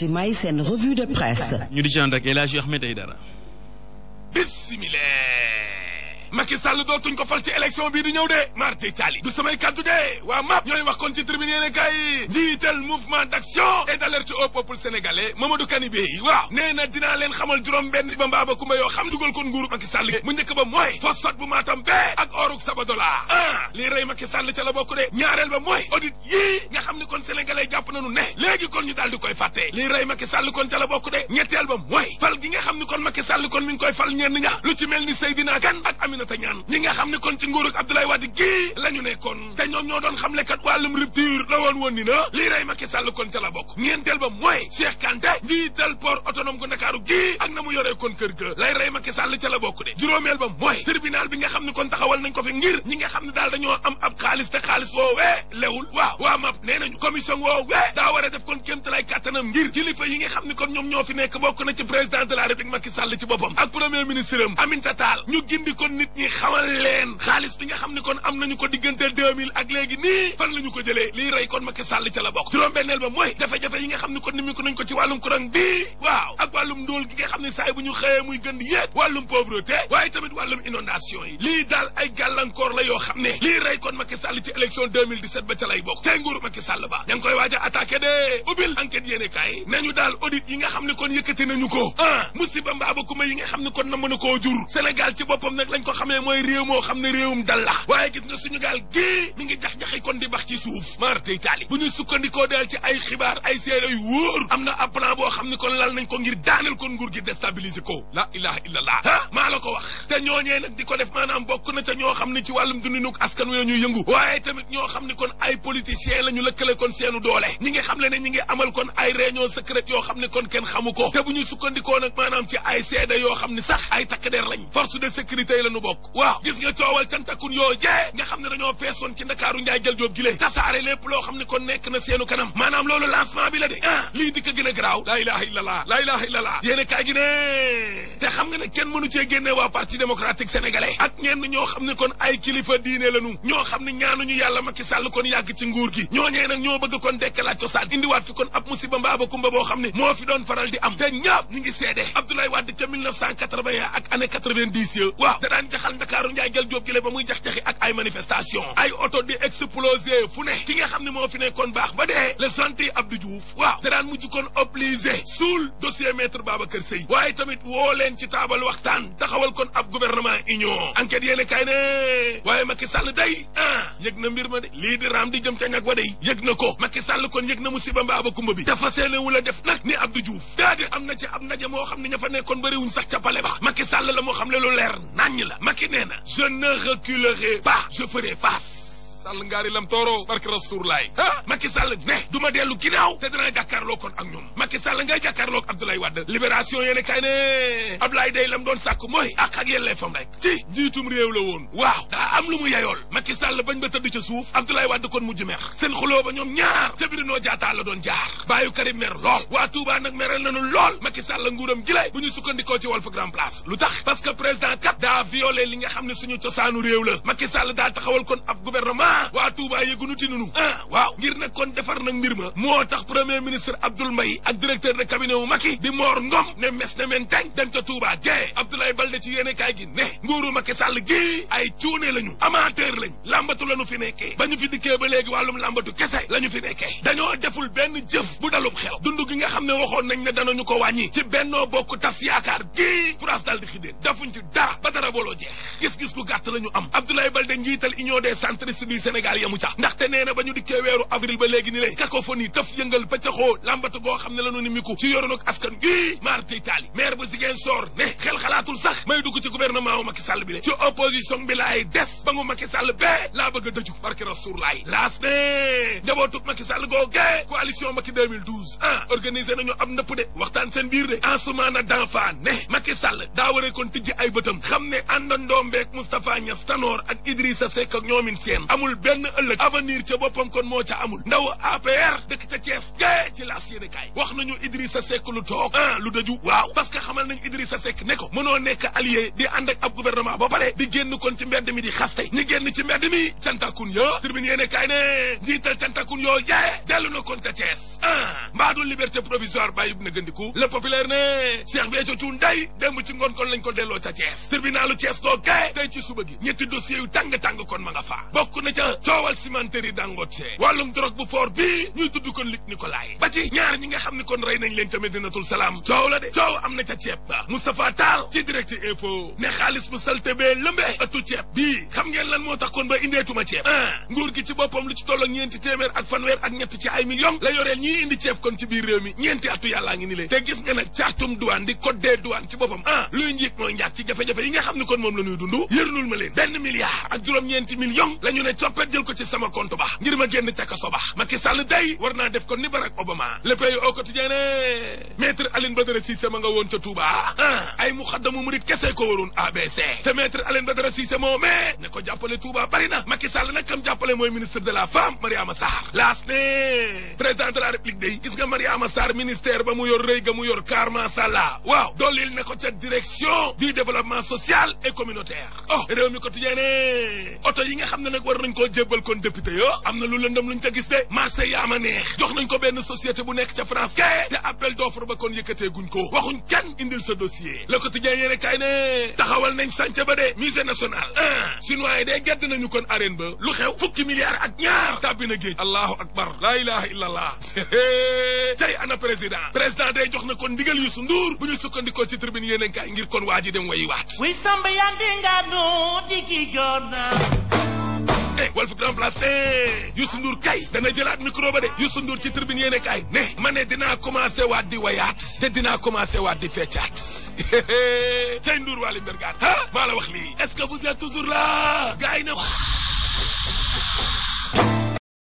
ci may seen de presse. ñu di ci ànd ak El Sall dootuñ ko fal ci élection bii di ñëw de marti tali du samay kaddu de waa MAP ñooy wax kon ci tribune yéene kay njiital mouvement d'action et d'alerte au peuple sénégalais Mamadou Kani Bey waaw nee na dinaa leen xamal juróom benn ba mbaaba kumba yoo xam dugal kon nguuru Macky Sall mu njëkk ba mooy phosphate bu maatam bee ak oruk Sabadola ah lii rey Macky Sall ca la bokk de ñaareel ba mooy audit yii kon sénégalais jàpp nañu ne léegi kon ñu daal di koy fàtte lii rey Macky Sall kon ca la bokk de ñetteel ba mooy fal gi nga xam ni kon Macky Sall kon mi ngi koy fal ñenn ña lu ci mel ni Seydina Kane ak Aminata Niane ñi nga xam ni kon ci nguurug Abdoulaye Wade gii la ñu nekkoon te ñoom ñoo doon xamle kat wàllum rupture la woon woon ni na lii rey Macky Sall kon ca la bokk ñeenteel ba mooy Cheikh Kanté njiital port autonome gu Ndakaaru gii ak na mu yoree kon kër ga lay rey Macky Sall ca la bokk de juróomeel ba mooy tribunal bi nga xam ni kon taxawal nañ ko nga xam ne daal dañoo am ab xaalis te xaalis woowee lewul waaw waa commission woowee eh, daa war a def kon kéemtalaay kàttanam ngir kilifa yi nga xam ni kon ñoom ñoo fi nekk bokk na ci président de la république Macky Sall ci boppam ak premier ministre am Aminata ñu gindi kon nit ñi xamal leen xaalis bi nga xam ni kon am nañu ko diggante 2000 ak léegi nii fan la ñu ko jëlee lii rey kon Macky Sall ca la bokk juróom-benneel ba mooy jafe-jafe yi nga xam ni kon ni mu ko nañ ko ci wàllum courant bi waaw ak wàllum ndóol gi ñu xëyee muy gën di yéeg wàllum pauvreté waaye tamit wàllum inondation yi lii daal ay gàllankoor la yoo xam ne lii rey kon Macky Sall ba ña koy waaj a attaqué de ubbil enquête yéene kaay nañu daal audit yi nga xam ne kon yëkkati nañu ko ah musiba mbaaba kuma yi nga xam ne kon na ko a koo jur Sénégal ci boppam nag lañ ko xamee mooy réew moo xam ne réewum dalla waaye gis na suñu gaal gii mi ngi jax-jaxi kon di bax ci suuf maratey taali bu ñu sukkandikoo daal ci ay xibaar ay séeréy wóor am na ab plan boo xam ne kon lal nañ ko ngir daaneel kon nguur gi déstabiliser ko la ilaha illallah ah la ko wax te ñooñee nag di ko def maanaam bokk na te ñoo xam ne ci wàllum dundinuk askan wi ñuy yëngu tamit ñoo xam ne kon ay politiciens lañu lëkkale kon seenu doole ñi ngi xam le ne ñi ngi amal kon ay réunion secrète yoo xam ne kon kenn xamu ko te bu ñu sukkandikoo nag maanaam ci ay seede yoo xam ne sax ay takk der lañ force de sécurité yi la ñu bokk waaw gis nga coowal cantakun yoo jee nga xam ne dañoo feesoon ci ndakaaru njaay jël joob gile tasaare lépp loo xam ne kon nekk na seenu kanam maanaam loolu lancement bi la de ah lii di ko gën a garaaw laa ilaha illallah laa ilaha gi ne te xam nga ne kenn mënu cee génne waa parti démocratique sénégalais ak ñenn ñoo xam ne kon ay kilifa diine lañu ñoo xam ne ñaanuñu yàlla Macky Sall kon yàgg ci gi dañoo bëgg kon dekkalaat cosaan indiwaat fi kon ab musiba mbaaba kumba boo xam ne moo fi doon faral di am te ñaap ñi ngi seede Abdoulaye Wade ca 1981 ak année 90 jaxal Ndakaaru njaay jël jóob jële ba muy jax-jaxi ak ay manifestation ay oto di explosé fu ne ki nga xam ne moo fi nekkoon baax ba dee le gentil Abdou Diouf waaw da daan mujj kon obligé suul dossier maître Babacar Seye waaye tamit woo ci taabal waxtaan taxawal kon ab gouvernement union enquête ko Macky Sall kon yëg na musiba mbaa ba kumba bi dafa seene wu la def nag ni Abdou Diouf daa di am na ci ab naje moo xam ne ña fa nekkoon bëriwuñ sax ca pale ba Macky Sall la moo xam ne lu leer naññ la Macky nee na je ne reculerai pas je ferai sàll ngaari lam tooro barke rasuulaay ah Macky Sall ne du ma dellu ginnaaw te dana jàkkaarloo kon ak ñoom Macky Sall ngay jàkkaarloo ak Abdoulaye Wade libération yéene kay ne Ablaye day lam doon sàkk mooy ak ak yellee fam rek ci njiitum réew la woon waaw daa am lu mu yeyool Macky Sall bañ ba tëdd ca suuf Abdoulaye Wade kon mujj mer seen xuloo ba ñoom ñaar ca birinoo jaataa la doon jaar baayu Karim mer lool waa Touba nag meral nañu lool Macky Sall nguuram lu tax parce que président kat li nga xam ne suñu cosaanu réew la Macky Sall daa taxawal kon ab gouvernement ah waa Touba yëgunu i nunu ah. waaw ngir nag kon defar nag mbir ma moo tax premier ministre Abdoul Mbaye ak directeur de cabinet wu Macky di Mor Ngom ne mes na men teg dem ca Touba gee Abdoulaye Balde ci yéene gi ne nguuru Macky Sall gii ay cuune lañu amateur lañu lambatu lañu fi nekkee ba ñu fi dikkee ba léegi wàllum lambatu kese lañu fi nekkee dañoo deful benn jëf bu dalub xel dund gi nga xam ne waxoon nañ ne ñu ko wàññi ci bennoo bokk tas yaakaar gii France dal di dafuñ ci ba dara booloo jeex gis-gis gu gàtt lañu am Abdoulaye Balde njiital union des centristes yi Sénégal yamu ca ndaxte nee na ba ñu dikkee weeru avril ba léegi ni lay cacophonie taf yëngal pëccaxoo làmbatu goo xam ne la nu ni miku ci yoronok askan gi marte itali maire bu Ziguinchor ne xel xalaatul sax may dugg ci gouvernement wu Macky Sall bi le ci opposition bi laay des ba ngu Macky Sall bee bëgg a dëju barke Rasuul laay laas ne njabootug Macky Sall googee coalition Macky 2012 ah, organisé nañu ab ndëpp de waxtaan seen biir de Ansoumana Danfa ne Macky Sall daa kon ay bëtam xam ne àndandoom beeg Moustapha Niass Tanor ak Idrissa Seck ak ñoomin seen amul amul benn ëllëg avenir ca boppam kon moo ca amul ndaw APR dëkk ca Thiès gée ci laas yéene wax nañu Idrissa Seck lu toog ah, lu daju waaw parce que xamal nañ Idrissa Seck ne ko mënoo nekk allié di ànd ak ab gouvernement ba pare di génn kon ci mbedd mi di xaste ñi génn ci mbedd mi cantakun yo tribune yéene ne njiital cantakun yoo yaaye dellu na kon ca Thiès ah liberté provisoire bàyyi bu na gëndiku le populaire ne Cheikh Béthio Thioune ca Thiès tribunalu Thiès ci suba ca coowal cimenterie Dangote wàllum drogue bu fort bii ñuy tudd kon Luc Nicolaï ba ñaar ñi nga xam ni kon rey nañ leen ca Medinatul Salaam coow la de coow am na ca ceeb ba Moustapha Tall ci direct info ne xaalis bu salte bee lëmbee ëttu ceeb bii xam ngeen lan moo tax kon ba indeetuma ceeb ah nguur gi ci boppam lu ci toll ak ñeenti téeméer ak fanweer ak ñett ci ay millions la yoreel ñiy indi ceeb kon ci biir réew mi ñeenti atu yàllaa ngi ni le te gis nga nga xam ni kon moom la ñuy dund yërnul ma leen benn milliard ak juróom coppet jël ko ci sama compte ba ngir ma génn ca kaso ba Macky Sall day war naa def ko ni Barack Obama le pays au quotidien ne maître Aline Badara Cissé ma nga woon ca Touba ah ay mu xaddamu murit kese ko waroon ABC te maître Aline Badara Cissé moo mais ne ko jàppale Touba bari na Macky Sall kam jàppale mooy ministre de la femme Mariama Sarr laas ne président de la République day gis nga Mariama Sarr ministère ba mu yor rëy ga mu yor kaar masàlla waaw dollil ne ko ca direction du développement social et communautaire oh réew koo jébbal kon député yo am na lu lëndëm luñ ca gis de marché yaa ma neex jox nañ ko benn société bu nekk ca France kay te appel d'offre ba kon yëkkatee guñ ko waxuñ kenn indil sa dossier Le Quotidien yéene kaay ne taxawal nañ sànca ba de musée national ah chinois yi de gedd nañu kon arène ba lu xew fukki milliards ak ñaar tàbbi na géej allahu akbar laa ilaha illa allah cay ana président président day jox na kon ndigal Youssou Ndour bu ñu sukkandikoo ci tribune yéene kaay ngir kon waa ji dem de Walf Grand Place yu Youssou Ndour kay dana jëlaat micro ba de Youssou Ndour ci tribune yéene kaay ne ma ne dinaa commencé waat di wayaat te dinaa commencé waat di feccaat say Ndour Waly Mbergane ah maa la wax lii est-ce que vous êtes toujours là gars yi ne